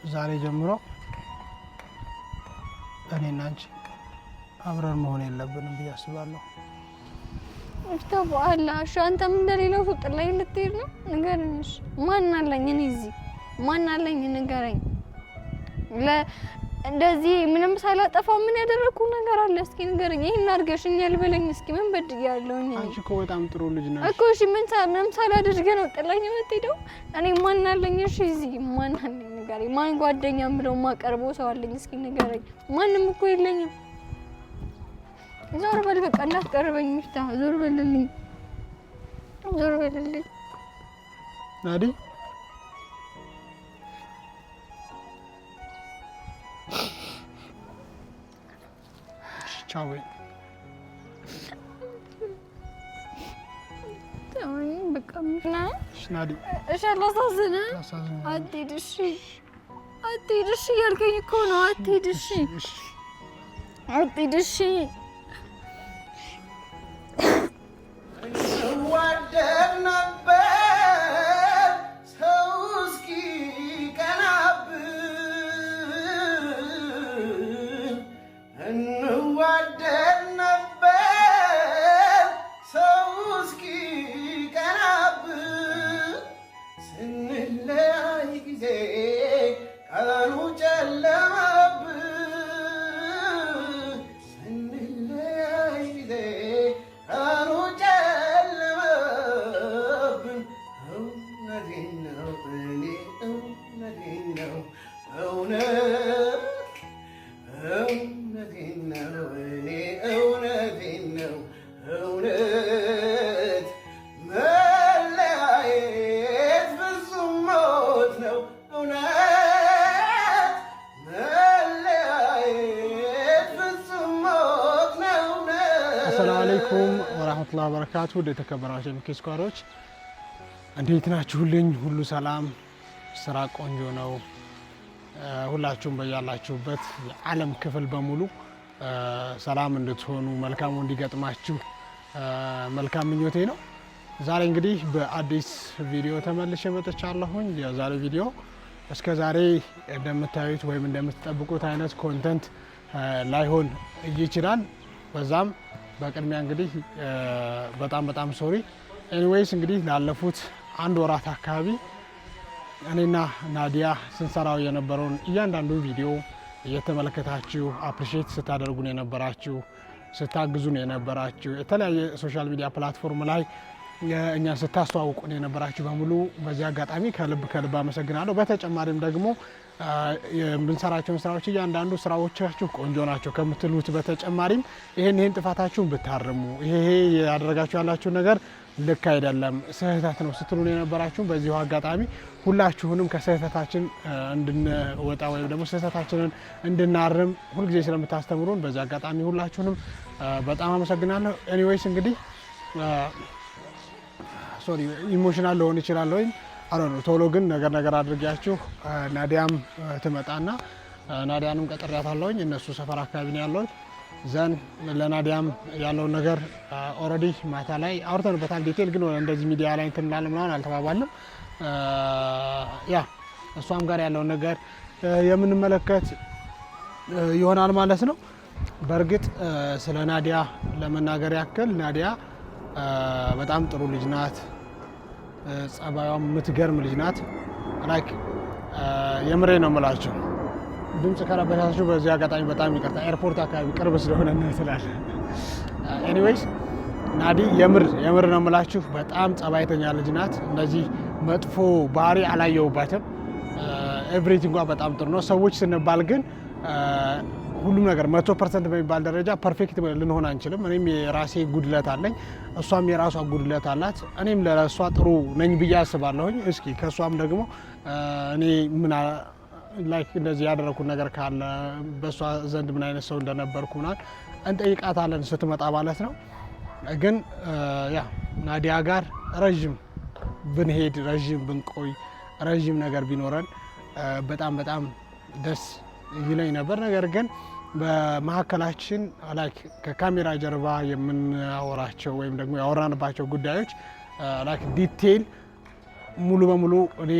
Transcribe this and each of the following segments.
ከዛሬ ጀምሮ እኔና አንቺ አብረን መሆን የለብንም ብዬ አስባለሁ። እፍታ በኋላ እሺ፣ አንተም እንደሌላው ፍቅር ላይ ልትሄድ ነው? ንገረኝ። እሺ፣ ማን አለኝ እኔ እዚህ ማን አለኝ? ንገረኝ። እንደዚህ ምንም ሳላጠፋው ምን ያደረግኩ ነገር አለ? እስኪ ንገረኝ። ይህን አድርገሽኛል በለኝ እስኪ። ምን በድያለሁ? አንቺ እኮ በጣም ጥሩ ልጅ ነሽ እኮ። እሺ፣ ምን ምንም ሳላደርገ ነው ጥላኝ የምትሄደው? እኔ ማን አለኝ? እሺ፣ እዚህ ማን አለኝ? ንገረኝ። ማን ጓደኛም ብለው ማቀርበው ሰው አለኝ? እስኪ ንገረኝ። ማንም እኮ የለኝም። ዞር በል በቃ እንዳትቀርበኝ። ምሽታ ዞር በልልኝ፣ ዞር በልልኝ። ናዲ ቻው። ልቀምሽ አትሄድ፣ እሺ አትሄድ፣ እሺ እያልከኝ እኮ ነው። አትሄድ፣ እሺ አትሄድ፣ እሺ love. ሰዓት ወደ የተከበራቸው ሚኬ ስኳሮች እንዴት ናችሁልኝ? ሁሉ ሰላም፣ ስራ ቆንጆ ነው። ሁላችሁም በያላችሁበት የዓለም ክፍል በሙሉ ሰላም እንድትሆኑ መልካሙ እንዲገጥማችሁ መልካም ምኞቴ ነው። ዛሬ እንግዲህ በአዲስ ቪዲዮ ተመልሼ መጥቻለሁኝ። የዛሬ ቪዲዮ እስከ ዛሬ እንደምታዩት ወይም እንደምትጠብቁት አይነት ኮንተንት ላይሆን ይችላል። በዛም በቅድሚያ እንግዲህ በጣም በጣም ሶሪ። ኤኒዌይስ እንግዲህ ላለፉት አንድ ወራት አካባቢ እኔና ናዲያ ስንሰራው የነበረውን እያንዳንዱ ቪዲዮ እየተመለከታችሁ አፕሪሼት ስታደርጉን የነበራችሁ ስታግዙን የነበራችሁ የተለያየ ሶሻል ሚዲያ ፕላትፎርም ላይ እኛን ስታስተዋውቁን የነበራችሁ በሙሉ በዚህ አጋጣሚ ከልብ ከልብ አመሰግናለሁ። በተጨማሪም ደግሞ የምንሰራቸውን ስራዎች እያንዳንዱ ስራዎቻችሁ ቆንጆ ናቸው ከምትሉት በተጨማሪም ይሄን ይሄን ጥፋታችሁን ብታርሙ ይሄ ያደረጋችሁ ያላችሁ ነገር ልክ አይደለም፣ ስህተት ነው ስትሉን የነበራችሁን በዚሁ አጋጣሚ ሁላችሁንም ከስህተታችን እንድንወጣ ወይም ደግሞ ስህተታችንን እንድናርም ሁልጊዜ ስለምታስተምሩን በዚህ አጋጣሚ ሁላችሁንም በጣም አመሰግናለሁ። ኤኒዌይስ እንግዲህ ሶሪ ኢሞሽናል ልሆን ይችላል ወይም አሮ ነው። ቶሎ ግን ነገር ነገር አድርጊያችሁ ናዲያም ትመጣና ናዲያንም ቀጥሬያታለሁኝ። እነሱ ሰፈር አካባቢ ነው ያለሁት ዘን ለናዲያም ያለውን ነገር ኦልሬዲ ማታ ላይ አውርተንበታል። ዲቴል ግን እንደዚህ ሚዲያ ላይ እንትን እላለን ምናምን አልተባባልም። ያ እሷም ጋር ያለውን ነገር የምንመለከት ይሆናል ማለት ነው። በእርግጥ ስለ ናዲያ ለመናገር ያክል ናዲያ በጣም ጥሩ ልጅ ናት። ጸባዩም የምትገርም ልጅ ናት። ላይክ የምሬ ነው የምላችሁ። ድምፅ ከረበሻችሁ በዚህ አጋጣሚ በጣም ይቀርታ፣ ኤርፖርት አካባቢ ቅርብ ስለሆነ ነው ስላለ ኤኒዌይስ ናዲ የምር የምር ነው የምላችሁ። በጣም ጸባይተኛ ልጅ ናት። እንደዚህ መጥፎ ባህሪ አላየውባትም። ኤቭሪቲንጓ በጣም ጥሩ ነው። ሰዎች ስንባል ግን ሁሉም ነገር መቶ ፐርሰንት በሚባል ደረጃ ፐርፌክት ልንሆን አንችልም። እኔም የራሴ ጉድለት አለኝ፣ እሷም የራሷ ጉድለት አላት። እኔም ለእሷ ጥሩ ነኝ ብዬ አስባለሁኝ። እስኪ ከእሷም ደግሞ እኔ ምና ላይክ እንደዚህ ያደረኩት ነገር ካለ በእሷ ዘንድ ምን አይነት ሰው እንደነበርኩ ምናምን እንጠይቃታለን ስትመጣ ማለት ነው። ግን ያ ናዲያ ጋር ረዥም ብንሄድ፣ ረዥም ብንቆይ፣ ረዥም ነገር ቢኖረን በጣም በጣም ደስ ይለኝ ነበር። ነገር ግን በመሀከላችን ላይክ ከካሜራ ጀርባ የምናወራቸው ወይም ደግሞ ያወራንባቸው ጉዳዮች ላይክ ዲቴይል ሙሉ በሙሉ እኔ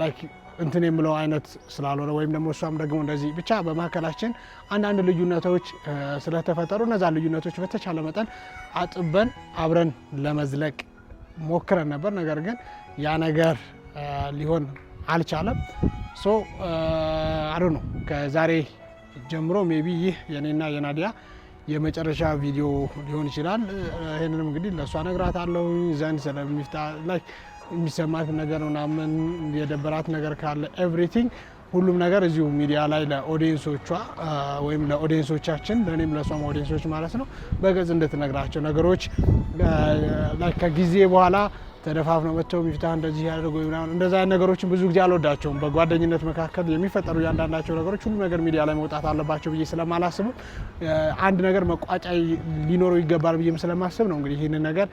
ላይክ እንትን የምለው አይነት ስላልሆነ ወይም ደግሞ እሷም ደግሞ እንደዚህ ብቻ በመካከላችን አንዳንድ ልዩነቶች ስለተፈጠሩ እነዛ ልዩነቶች በተቻለ መጠን አጥበን አብረን ለመዝለቅ ሞክረን ነበር። ነገር ግን ያ ነገር ሊሆን አልቻለም። ሶ አዶ ነው ከዛሬ ጀምሮ ሜቢ ይህ የኔና የናዲያ የመጨረሻ ቪዲዮ ሊሆን ይችላል። ይህንንም እንግዲህ ለእሷ እነግራታለሁ ዘንድ ስለሚፍታ ላይ የሚሰማት ነገር ምናምን የደበራት ነገር ካለ ኤቭሪቲንግ ሁሉም ነገር እዚሁ ሚዲያ ላይ ለኦዲየንሶቿ ወይም ለኦዲየንሶቻችን ለእኔም ለእሷም ኦዲየንሶች ማለት ነው በገጽ እንድትነግራቸው ነገሮች ከጊዜ በኋላ ተደፋፍ ነው መጥተው ሚፍታህ እንደዚህ ያደርጉ ምናምን አይነት ነገሮችን ብዙ ጊዜ አልወዳቸውም። በጓደኝነት መካከል የሚፈጠሩ ያንዳንዳቸው ነገሮች ሁሉ ነገር ሚዲያ ላይ መውጣት አለባቸው ብዬ ስለማላስቡ አንድ ነገር መቋጫ ሊኖረው ይገባል ብዬም ስለማስብ ነው እንግዲህ ይህንን ነገር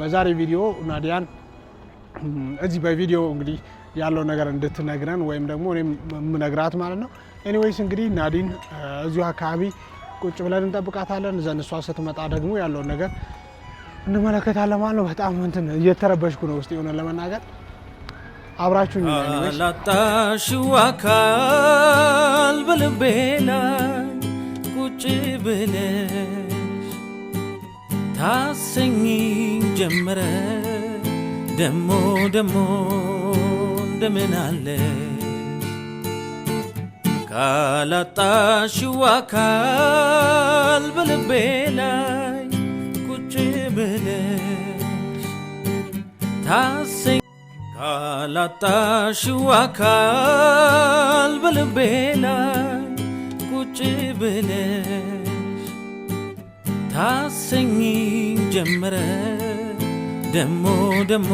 በዛሬ ቪዲዮ ናዲያን እዚህ በቪዲዮ እንግዲህ ያለው ነገር እንድትነግረን ወይም ደግሞ እኔም የምነግራት ማለት ነው። ኤኒዌይስ እንግዲህ ናዲን እዚሁ አካባቢ ቁጭ ብለን እንጠብቃታለን። ዘን እሷ ስትመጣ ደግሞ ያለውን ነገር እንመለከታለን ማለት ነው። በጣም እንትን እየተረበሽኩ ነው ውስጥ የሆነ ለመናገር አብራችሁ ላጣሽው አካል በልቤ ላይ ቁጭ ብለሽ ታሰኝ ጀመረ ደሞ ደሞ እንደምን አለ ካላጣሽው አካል በልቤ ላይ ታሰኝ ካላጣሽው አካል በልቤ ላይ ቁጭ ብለሽ ታሰኝ ጀምረ ደሞ ደሞ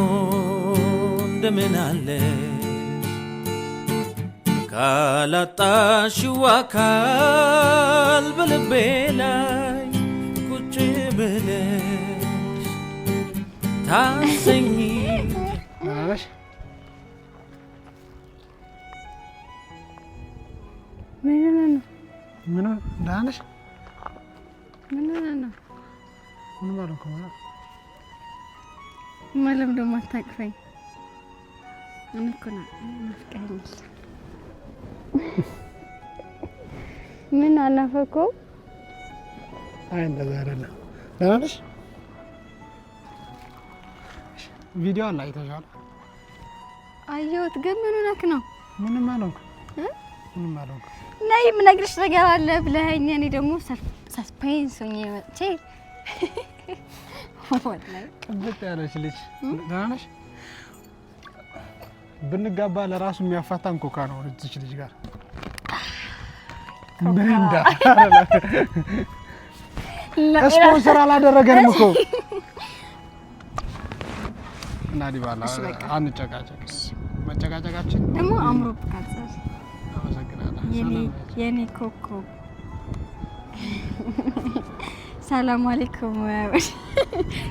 እንደምን አለ ካላጣሽው አካል በልቤ ላይ ቁጭ ብለሽ ታሰኝ ምን ደህና ነሽ? ምን ነው ምን ማለት ነው? ማለም ደግሞ አታቅፈኝ። እኔ እኮ ነው ናፍቀኸኛል። ምን አልናፈኩም። አይ እንደዛ አይደለም። ደህና ነሽ? ቪዲዮ አለ አይተሻል? አየሁት። ግን ምን ሆነክ ነው? ምንም አልሆንኩም። ምንም አልሆንኩም ነይ የምነግርሽ ነገር አለ ብለኸኝ እኔ ደግሞ ሰስፔንስ ሆኜ መጥቼ ቅብጥ ያለች ልጅ ደህና ነሽ? ብንጋባ ለራሱ የሚያፋታን ኮካ ነው። እዚች ልጅ ጋር ምንዳ ስፖንሰር አላደረገንም እኮ እና ዲባላ አንጨቃጨቅ። መጨቃጨቃችን ደግሞ አምሮ ብቃል የኔ ኮከብ ሰላም አለይኩም።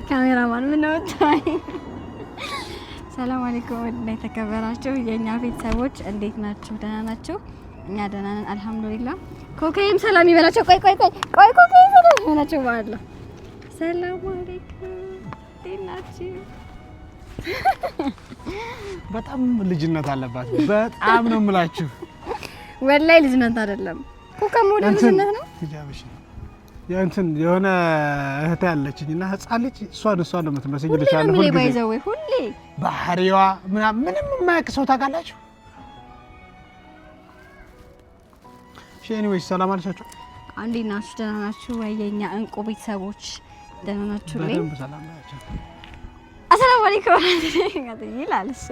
ካሜራማን ምናወጣ ሰላም አለይኩም። ወድና የተከበራችሁ የእኛ ቤተሰቦች እንዴት ናችሁ? ደህና ናችሁ? እኛ ደህና ነን አልሐምዱሊላ። ኮከይም ሰላም ይበላቸው። ቆይ ቆይ ቆይ ቆይ ኮከይ ሰላም ይበላቸው ማለት ነው። ሰላም አለይኩም። እንዴት ናችሁ? በጣም ልጅነት አለባት። በጣም ነው የምላችሁ ወላይ ልጅነት አይደለም እኮ ከሞደ ልጅነት ነው። እንትን የሆነ እህት ያለችኝ እና ህፃን ልጅ እሷን እሷን ነው የምትመስኝ። ሁሌ ባህሪዋ ምናምን ምንም የማያውቅ ሰው ታውቃላችሁ። ኤኒዌይስ ሰላም አልሻችሁ። እንዴት ናችሁ? ደህና ናችሁ ወይ? የእኛ እንቁ ቤተሰቦች ደህና ናችሁ? አሰላሙ አለይኩም ይላል እሱ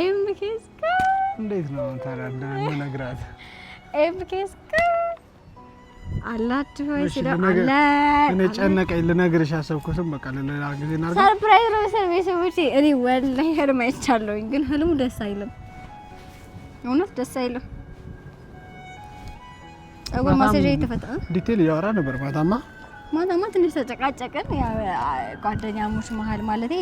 ኤምኬስ እንዴት ነው ታዲያ? ልነግራት ኤምኬስ አላችሁ ወይ ሲለው አለ እኔ ጨነቀኝ። ልነግርሽ አሰብኩትም በቃ ለሌላ ጊዜ እናድርግ። ሰርፕራይዝ ነው ሰር ቤተሰቦቼ። እኔ ወላሂ ህልም አይቻለሁኝ፣ ግን ህልሙ ደስ አይልም። እውነት ደስ አይልም። ጸጉር ማስያዣ የተፈጠረ ዲቴል እያወራ ነበር ማታማ ማታማ ትንሽ ተጨቃጨቅን፣ ጓደኛሞች መሀል ማለቴ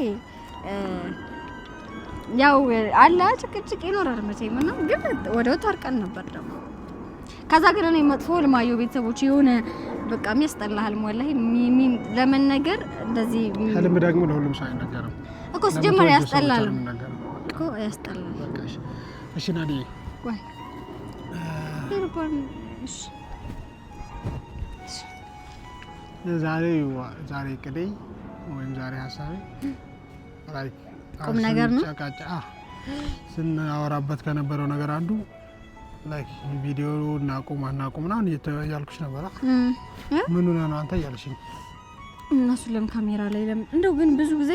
ያው አለ ጭቅጭቅ ይኖራል መቼም እና ግን ወደው ታርቀን ነበር ደግሞ ከዛ ግን እኔ መጥፎ ልማየው ቤተሰቦች የሆነ በቃ የሚያስጠላሃል ወላሂ ሚሚን ነገር እንደዚህ ህልም ደግሞ ለሁሉም ሰው አይነገርም እኮ ሲጀመር ያስጠላል እኮ ያስጠላል እሺ ናዲ ወይ ዛሬ ዛሬ ቅዴ ወይም ዛሬ ሀሳቤ ላይክ ቁም ነገር ነው። ስናወራበት ከነበረው ነገር አንዱ ቪዲዮ እናቁም አናቁም ምናምን እያልኩሽ ነበረ። ምን ሆነ ነው አንተ እያልሽኝ እነሱ ለምን ካሜራ ላይ ለምን እንደው ግን ብዙ ጊዜ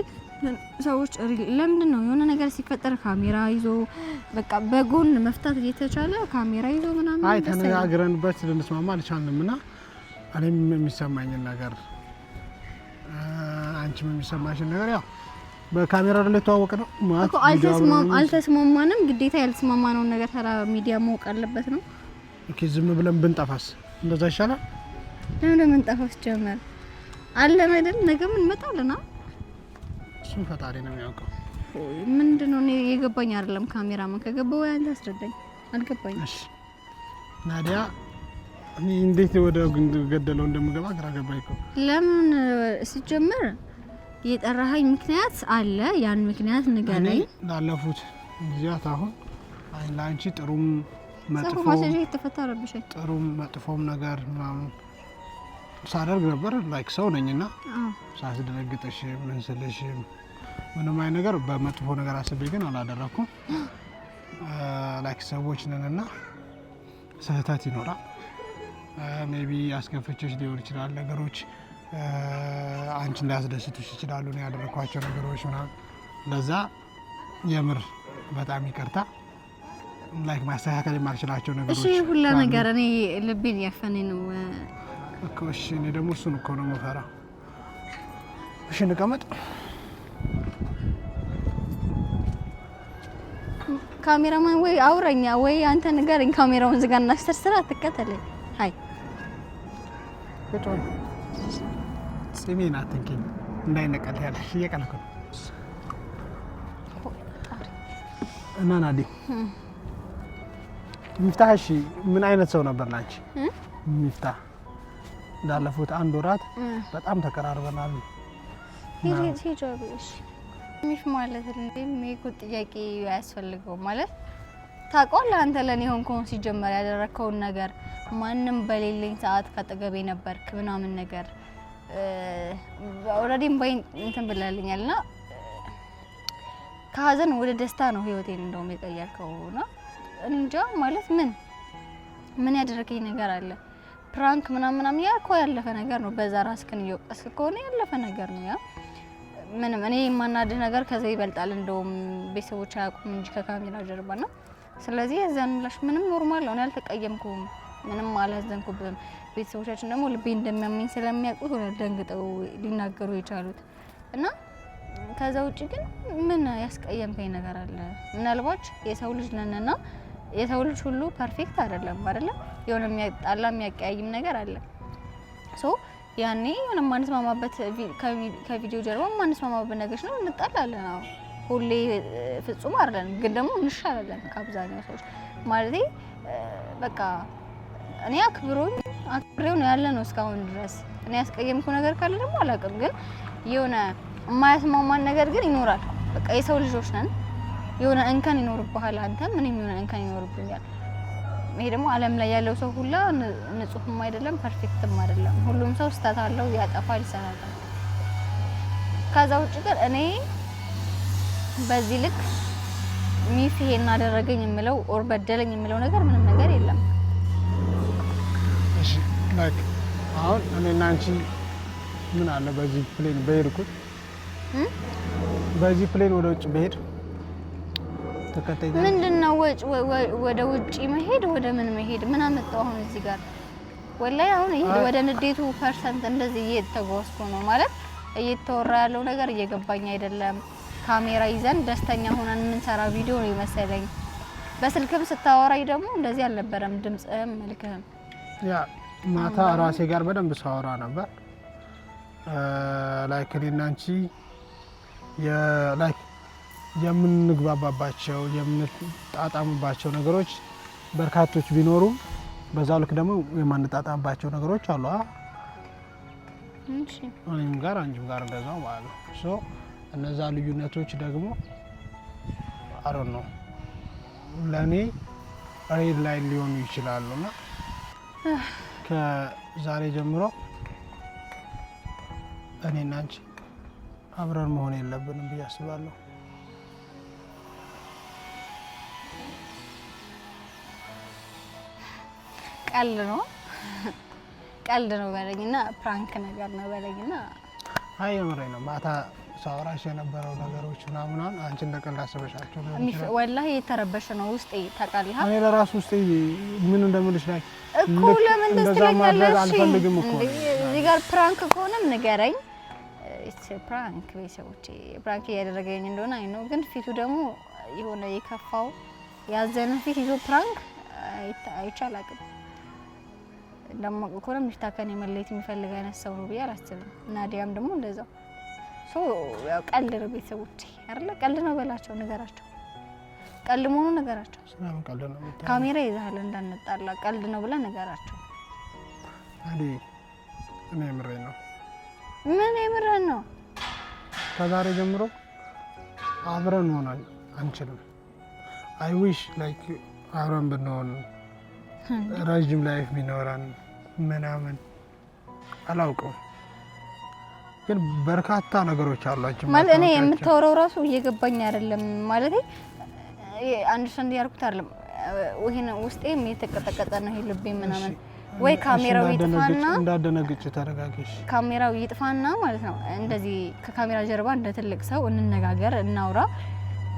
ሰዎች ለምንድን ነው የሆነ ነገር ሲፈጠር ካሜራ ይዞ በቃ በጎን መፍታት እየተቻለ ካሜራ ይዞ ምናምን? አይ ተነጋግረንበት ልንስማማ አልቻልንም እና እኔም የሚሰማኝን ነገር አንቺም የሚሰማሽን ነገር ያው በካሜራ ላይ የተዋወቀ ነው። አልተስማማንም። ግዴታ ያልተስማማነውን ነገር ተራ ሚዲያ ማወቅ አለበት ነው። ኦኬ ዝም ብለን ብንጠፋስ እንደዛ ይሻላል። ለምን ብንጠፋስ ጀመር አለን አይደል? ነገ ምን መጣለና፣ እሱን ፈጣሪ ነው የሚያውቀው። ምንድነው? ነው የገባኝ አይደለም። ካሜራ ማን ከገባው ያንተ አስረዳኝ። አልገባኝ። እሺ ናዲያ እኔ እንዴት ወደ ገደለው እንደምገባ ግራ ገባኝ እኮ ለምን ሲጀመር የጠራኸኝ ምክንያት አለ። ያን ምክንያት ንገረኝ። ላለፉት ጊዜያት አሁን ለአንቺ ጥሩም ጥሩም መጥፎም ነገር ምናምን ሳደርግ ነበር። ላይክ ሰው ነኝና ሳስደነግጠሽም ምን ስልሽም ምንም አይ ነገር በመጥፎ ነገር አስቤ ግን አላደረግኩም። ላይክ ሰዎች ነንና ስህተት ይኖራል። ሜቢ አስከፍቼሽ ሊሆን ይችላል ነገሮች አንቺ ሊያስደስትሽ ይችላሉ ነው ያደረግኳቸው ነገሮች ምናምን። ለዛ የምር በጣም ይቅርታ። ላይክ ማስተካከል የማልችላቸው ነገሮች እሺ፣ ሁላ ነገር እኔ ልቤን ያፈኔ ነው እኮ። እሺ፣ እኔ ደግሞ እሱን እኮ ነው መፈራ። እሺ፣ እንቀመጥ። ካሜራማን ወይ አውረኛ ወይ አንተ ንገረኝ። ካሜራውን ዝጋ እና አስተር ሀይ አትከተለኝ። ስሜን አትንኪኝ እንዳይነቀል ያለሽ እየቀለኩ እና ናዲ ሚፍታህ እሺ፣ ምን አይነት ሰው ነበር ላንቺ ሚፍታህ? ላለፉት አንድ ወራት በጣም ተቀራርበናል። ሚፍ ማለት እንዴ ሜኩ ጥያቄ አያስፈልገው ማለት ታውቀዋለህ። አንተ ለኔ ሆንኩን ሲጀመር ያደረከውን ነገር ማንም በሌለኝ ሰዓት ካጠገቤ ነበርክ ምናምን ነገር ኦልሬዲ እምባይን እንትን ብላለኛል እና ከሀዘን ወደ ደስታ ነው ህይወቴን እንደውም የቀየርከው እና እንጃ ማለት ምን ምን ያደረገኝ ነገር አለ? ፕራንክ ምናምን ያ እኮ ያለፈ ነገር ነው። በዛ ራስህን እየወቀስክ ከሆነ ያለፈ ነገር ነው ያ ምንም እኔ የማናድህ ነገር ከዛ ይበልጣል። እንደውም ቤተሰቦች አያውቁም እንጂ ከካሜራ ጀርባ ና። ስለዚህ የዛን ምላሽ ምንም ኖርማል ነው። እኔ አልተቀየምኩም። ምንም አላዘንኩብም። ቤተሰቦቻችን ደግሞ ልቤ እንደሚያመኝ ስለሚያውቁት ደንግጠው ሊናገሩ የቻሉት እና ከዛ ውጭ ግን ምን ያስቀየምከኝ ነገር አለ? ምናልባት የሰው ልጅ ነንና የሰው ልጅ ሁሉ ፐርፌክት አይደለም አይደለም፣ የሆነ የሚያጣላ የሚያቀያይም ነገር አለ። ሶ ያኔ የሆነ ማንስማማበት ከቪዲዮ ጀርባ ማንስማማበት ነገሮች ነው፣ እንጣላለን። አዎ ሁሌ ፍጹም አይደለም፣ ግን ደግሞ እንሻላለን ከአብዛኛው ሰዎች ማለት በቃ እኔ አክብሮኝ አክብሬው ነው ያለ ነው እስካሁን ድረስ። እኔ ያስቀየምኩ ነገር ካለ ደግሞ አላውቅም፣ ግን የሆነ የማያስማማን ነገር ግን ይኖራል። በቃ የሰው ልጆች ነን። የሆነ እንከን ይኖርብሃል አንተም፣ እኔም የሆነ እንከን ይኖርብኛል። ይሄ ደግሞ ዓለም ላይ ያለው ሰው ሁላ ንጹህም አይደለም ፐርፌክትም አይደለም። ሁሉም ሰው ስህተት አለው፣ ያጠፋል፣ ይሰራል። ከዛ ውጭ ግን እኔ በዚህ ልክ ሚፍ ይሄን አደረገኝ የምለው ኦር በደለኝ የምለው ነገር ምንም ነገር የለም። አሁን እኔና አንቺ ምን አለ በዚህ ፕሌን በሄድኩት በዚህ ፕሌን ወደ ውጭ በሄድ ተከታይ ምንድን ነው ወጭ ወደ ውጭ መሄድ ወደ ምን መሄድ ምን አመጣው አሁን እዚህ ጋር ወላይ አሁን ይሄ ወደ ንዴቱ ፐርሰንት እንደዚህ እየተጓዝኩ ነው ማለት እየተወራ ያለው ነገር እየገባኝ አይደለም። ካሜራ ይዘን ደስተኛ ሆነን የምንሰራ ቪዲዮ ነው የመሰለኝ በስልክም ስታወራኝ ደግሞ እንደዚህ አልነበረም ድምጽህም መልክህም ያ ማታ ራሴ ጋር በደንብ ሳወራ ነበር። ላይክ እኔና አንቺ ላይክ የምንግባባባቸው የምንጣጣምባቸው ነገሮች በርካቶች ቢኖሩም በዛ ልክ ደግሞ የማንጣጣምባቸው ነገሮች አሉ። እኔም ጋር አንቺም ጋር እንደዛው ማለት ነው። እነዛ ልዩነቶች ደግሞ አሮ ነው ለእኔ ሬድ ላይ ሊሆኑ ይችላሉና ከዛሬ ጀምሮ እኔና አንቺ አብረን መሆን የለብንም ብዬ አስባለሁ። ቀልድ ነው ቀልድ ነው በለኝና ፕራንክ ነገር ነው በለኝና አይ የምሬ ነው ማታ ሳወራሽ የነበረው ነገሮች ምናምናን አንቺ እንደ ቀልድ አስበሻቸው ወላሂ የተረበሸ ነው ውስጤ ታውቃለህ። እኔ ለራሱ ውስጤ ምን እንደምልሽ ላይ እኮ ለምን ደስ ትለኛለሽ? አልፈልግም እኮ እዚህ ጋር ፕራንክ ከሆነም ንገረኝ። ፕራንክ ቤተሰቦቼ ፕራንክ እያደረገኝ እንደሆነ አይ ነው፣ ግን ፊቱ ደግሞ የሆነ የከፋው ያዘነ ፊት ይዞ ፕራንክ አይቻላቅም። ደሞ እንደማውቀው ከሆነ ሚፍታ ከኔ መለየት የሚፈልግ አይነት ሰው ነው ብዬ አላስብም። ናዲያም ደግሞ እንደዛው ያው ቀልድ ነው። ቤተሰቦች አይደለ ቀልድ ነው በላቸው፣ ንገራቸው። ቀልድ መሆኑን ንገራቸው። ካሜራ ይዛሃል እንዳንጣላ ቀልድ ነው ብለህ ንገራቸው። እኔ የምሬን ነው። ምን ነው? ከዛሬ ጀምሮ አብረን መሆን አንችልም። አይ ዊሽ ላይክ አብረን ብንሆን ረዥም ላይፍ ቢኖረን ምናምን አላውቅም ግን በርካታ ነገሮች አሏቸው። ማለት እኔ የምታወራው ራሱ እየገባኝ አይደለም። ማለት አንደርስታንድ ያልኩት አይደለም። ይሄን ውስጤ የተቀጠቀጠ ነው ይሄ ልቤ ምናምን ወይ ካሜራው ይጥፋና እንዳደነግጭ ተረጋግሽ። ካሜራው ይጥፋና ማለት ነው እንደዚህ ከካሜራ ጀርባ እንደ ትልቅ ሰው እንነጋገር፣ እናውራ።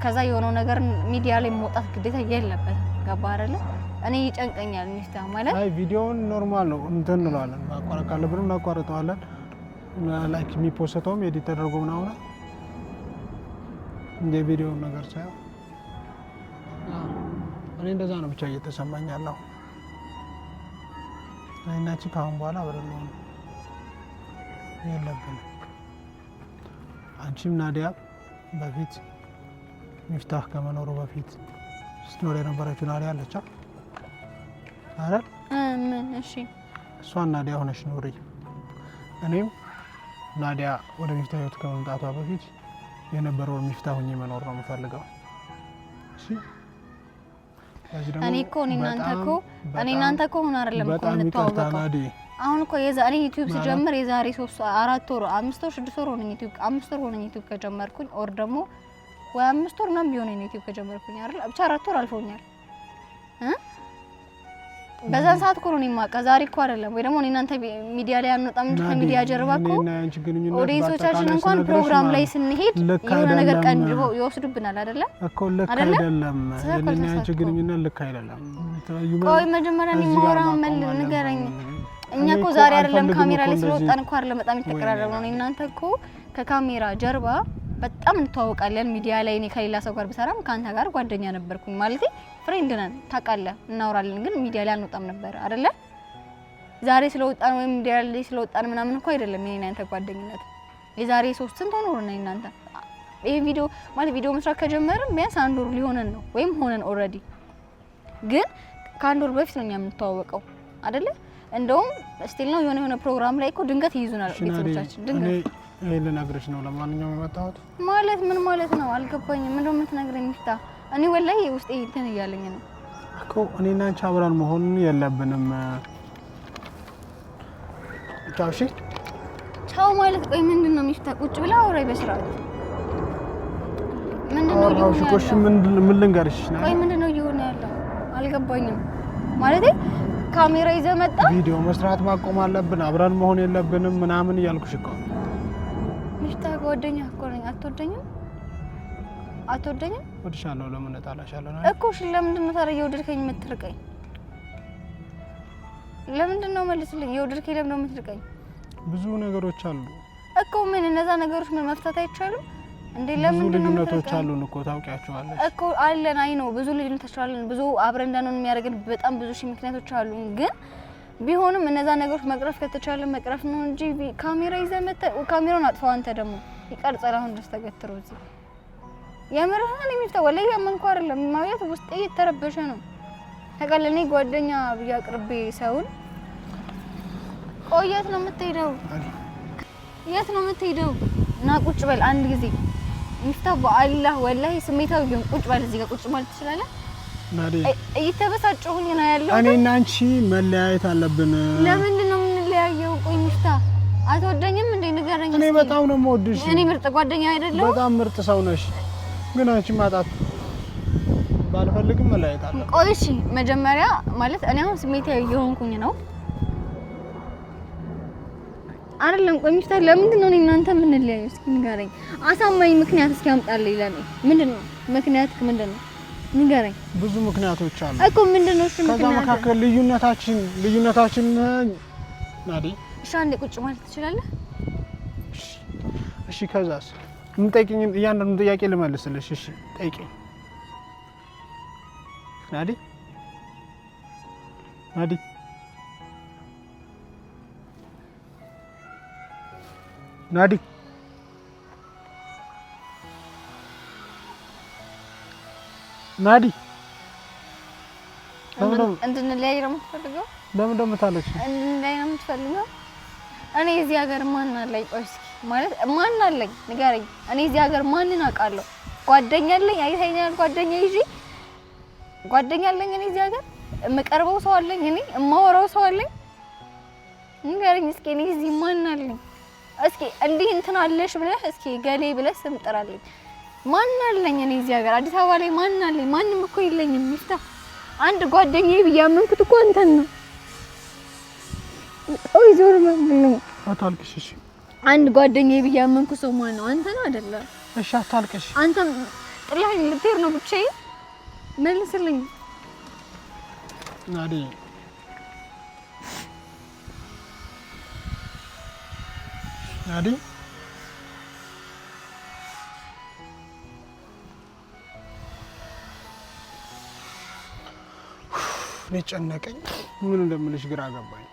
ከዛ የሆነው ነገር ሚዲያ ላይ መውጣት ግዴታ የለበት። ገባ አይደለ? እኔ ይጨንቀኛል ሚስታ ማለት አይ ቪዲዮውን ኖርማል ነው እንትን እንለዋለን። ማቋረጥ ካለብንም እናቋርጠዋለን። ላይክ የሚፖሰተውም ኤዲት ተደርጎ ምናምን እንደ ቪዲዮ ነገር ሳይሆን እኔ እንደዛ ነው ብቻ እየተሰማኝ ያለው። እናቺ ከአሁን በኋላ በደሎ የለብንም። አንቺም ናዲያ በፊት ሚፍታህ ከመኖሩ በፊት ስትኖር የነበረችው ናዲያ አለች አይደል? እሷን ናዲያ ሆነሽ ኑሪ እኔም ናዲያ ወደ ሚፍታ ህይወት ከመምጣቷ በፊት የነበረውን ሚፍታ ሁኜ መኖር ነው የምፈልገው። እኔ እኮ እኔ እናንተ እኮ እኔ እናንተ እኮ ሆነ አይደለም እኮ አሁን እኮ የዛሬ ዩቲዩብ ስጀምር የዛሬ 3 አራት ወር አምስት ወር ስድስት ወር ሆነኝ ዩቲዩብ አምስት ወር ሆነኝ ዩቲዩብ ከጀመርኩኝ ኦር ደግሞ ወይ አምስት ወር ምናምን ቢሆነኝ ዩቲዩብ ከጀመርኩኝ አይደል ብቻ አራት ወር አልፎኛል እ በዛን ሰዓት እኮ ነው እኔ ዛሬ እኮ አይደለም ወይ ደግሞ እኔ እናንተ ሚዲያ ላይ አንወጣም እንጂ ከሚዲያ ጀርባ እኮ ኦዲየንሶቻችን እንኳን ፕሮግራም ላይ ስንሄድ የሆነ ነገር ቀንድቦ ይወስዱብናል። አይደለም እኮ ልክ አይደለም። የኔና ያንቺ ግንኙነት ልክ አይደለም። ቆይ መጀመሪያ እኔ የማወራውን መል ንገረኝ። እኛ እኮ ዛሬ አይደለም ካሜራ ላይ ስለወጣን እኮ አይደለም በጣም የተቀራረብነው። እኔ እናንተ እኮ ከካሜራ ጀርባ በጣም እንተዋወቃለን። ሚዲያ ላይ እኔ ከሌላ ሰው ጋር ብሰራም ከአንተ ጋር ጓደኛ ነበርኩኝ ማለት ፍሬንድ ነን፣ ታውቃለህ፣ እናወራለን። ግን ሚዲያ ላይ አንወጣም ነበር አደለ ዛሬ ስለወጣን ወይም ሚዲያ ላይ ስለወጣን ምናምን እኮ አይደለም። እኔ እናንተ ጓደኝነት የዛሬ ሶስት ስንት ሆኖ ነው እናንተ ቪዲዮ ማለት ቪዲዮ መስራት ከጀመርን ቢያንስ አንድ ወር ሊሆነን ነው ወይም ሆነን ኦልሬዲ። ግን ከአንድ ወር በፊት ነው እኛ የምንተዋወቀው አደለ እንደውም ስቲል ነው የሆነ የሆነ ፕሮግራም ላይ እኮ ድንገት ይይዙናል ቤተሰቦቻችን ድንገት ይሄን ልነግርሽ ነው። ለማንኛውም የመጣሁት ማለት ምን ማለት ነው አልገባኝም። እንደው የምትነግረኝ ይፍታ። እኔ ወላሂ ውስጤ እንትን እያለኝ ነው እኮ። እኔና አንቺ አብረን መሆን የለብንም። ቻው። እሺ ቻው ማለት ቆይ ምንድን ነው የሚፍታ? ቁጭ ብላ አውራኝ በስርዓት። ምንድን እየሆነ ያለው? እሺ ምን ልንገርሽ? ቆይ ምንድን ነው እየሆነ ያለው አልገባኝም። ማለቴ ካሜራ ይዘህ መጣ። ቪዲዮ መስራት ማቆም አለብን፣ አብረን መሆን የለብንም ምናምን እያልኩሽ እኮ ቢታ ጓደኛ እኮ ነኝ። አትወደኝም? አትወደኝም? ወድሻለሁ። ለምን እጣላሻለሁ እኮ። እሺ፣ ለምንድን ነው ታዲያ የወደድከኝ የምትርቀኝ? ለምንድን ነው መልስልኝ። የወደድከኝ ለምን ነው የምትርቀኝ? ብዙ ነገሮች አሉ እኮ። ምን እነዛ ነገሮች ምን መፍታት አይቻልም እንዴ? ለምንድን ብዙ ልዩነቶች አሉን እኮ ታውቂያቸዋለሽ እኮ አለን። አይ ነው ብዙ ልዩነቶች አሉን። ብዙ አብረን እንዳንሆን የሚያደርገን በጣም ብዙ ሺህ ምክንያቶች አሉን ግን ቢሆንም እነዛ ነገሮች መቅረፍ ከተቻለ መቅረፍ ነው እንጂ ካሜራ ይዘህ መተህ ካሜራውን አጥፋው። አንተ ደግሞ ይቀርጻል። አሁን ድረስ ተገትሮ እዚህ የምርህን የሚፍታ ወላሂ ያመንኩ አይደለም ማለት ውስጤ እየተረበሸ ነው። ተቀል እኔ ጓደኛ ብዬ አቅርቤ ሰውን ቆየት ነው የምትሄደው? የት ነው የምትሄደው? እና ቁጭ በል አንድ ጊዜ ሚፍታ በአላህ ወላሂ ስሜታዊ ቁጭ በል። እዚህ ጋር ቁጭ ማለት ትችላለህ። እየተበሳጨሁኝ ነው ያለው። እኔ እና አንቺ መለያየት አለብን። ለምንድን ነው የምንለያየው? ቆይ ሚፍታ አትወደኝም እንዴ? ንገረኝ። እኔ በጣም ነው የምወድሽ። እኔ ምርጥ ጓደኛ አይደለሁ? በጣም ምርጥ ሰው ነሽ። ግን አንቺ ማጣት ባልፈልግም መለያየት አለ። ቆይ እሺ፣ መጀመሪያ ማለት እኔ አሁን ስሜታዊ እየሆንኩኝ ነው አይደለም። ቆይ ሚፍታ ለምንድን ነው እናንተ የምንለያየው? እስኪ ንገረኝ። አሳማኝ ምክንያት እስኪ አምጣልኝ። ለእኔ ምንድን ነው ምክንያት ምንድን ነው? ንገረኝ። ብዙ ምክንያቶች አሉ እኮ ምንድን ነው እሱ? ከዛ መካከል ልዩነታችን ልዩነታችን ናዲ፣ እሺ፣ አንዴ ቁጭ ማለት ትችላለህ? እሺ፣ ከዛስ? የምጠይቂኝ እያንዳንዱ ጥያቄ ልመልስልሽ። እሺ፣ ጠይቂኝ ናዲ። ናዲ ናዲ ናዲ እንድንለያይ ነው የምትፈልገው? ለምን ደሞ ታለች? እንድንለያይ ነው የምትፈልገው? እኔ እዚህ ሀገር ማን አለኝ? ቆይ እስኪ ማለት ማን አለኝ ንገረኝ። እኔ እዚህ ሀገር ማንን አውቃለሁ? ጓደኛ አለኝ? አይተኸኛል? ጓደኛ ይዤ ጓደኛ አለኝ? እኔ እዚህ ሀገር የምቀርበው ሰው አለኝ? እኔ የማወራው ሰው አለኝ? ንገረኝ እስኪ እኔ እዚህ ማን አለኝ? እስኪ እንዲህ እንትን አለሽ ብለህ እስኪ ገሌ ብለህ ስም ማን አለኝ እኔ እዚህ ሀገር አዲስ አበባ ላይ ማን አለኝ? ማንም እኮ የለኝም። ሚፍታ አንድ ጓደኛዬ ብዬ አመንኩት እኮ አንተን ነው። ቆይ ዞር ማለት አታልቅሽ። እሺ አንድ ጓደኛዬ ብዬ አመንኩት ሰው ማን ነው? አንተ ነው እሺ አታልቅሽ። አንተም ጥላኝ ልትሄድ ነው ብቻዬን? መልስልኝ ናዲ። ናዲ እኔ ጨነቀኝ። ምን እንደምልሽ ግራ ገባኝ።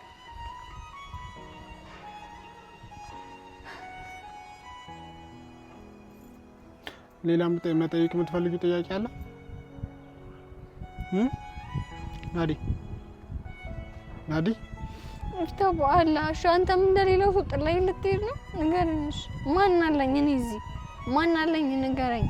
ሌላ መጠየቅ የምትፈልጊው ጥያቄ አለ? ናዲ ናዲ እፍታ በኋላ እሺ፣ አንተም እንደሌላው ሱቅ ላይ ልትሄድ ነው? ንገረኝ። ማን አለኝ እኔ እዚህ ማን አለኝ? ንገረኝ።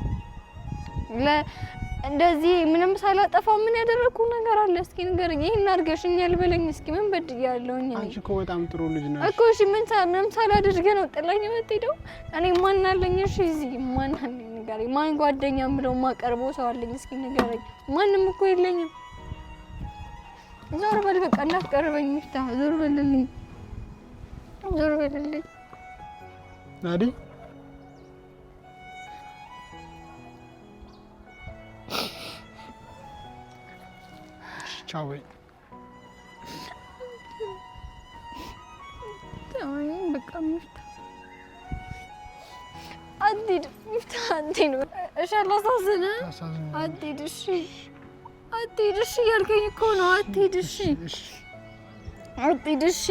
እንደዚህ ምንም ሳላጠፋ ምን ያደረኩ ነገር አለ? እስኪ ንገረኝ። ይሄን አድርገሽኛል በለኝ እስኪ። ምን እኔ አንቺ እኮ በጣም ጥሩ ልጅ ነሽ እኮ። እሺ ምን ምንም ሳላደርገ ነው ጥላኝ የምትሄደው? እኔ ማን አለኝ? እሺ እዚህ ማን አለኝ? ንገረኝ። ማን ጓደኛ ብለው ማቀርበው ሰው አለኝ? እስኪ ንገረኝ። ማንም እኮ የለኝም። ዞር በል በቃ፣ እንዳትቀርበኝ ሚፍታ። ዞር በልልኝ፣ ዞር በልልኝ ናዲ ቻው በይ። በቃ ሚፍታ አትሄድ፣ ሚፍታ አትሄድ። እሺ አላሳዝንህ፣ አትሄድ። እሺ አትሄድ፣ እሺ እያልከኝ እኮ ነው። አትሄድ፣ እሺ አትሄድ፣ እሺ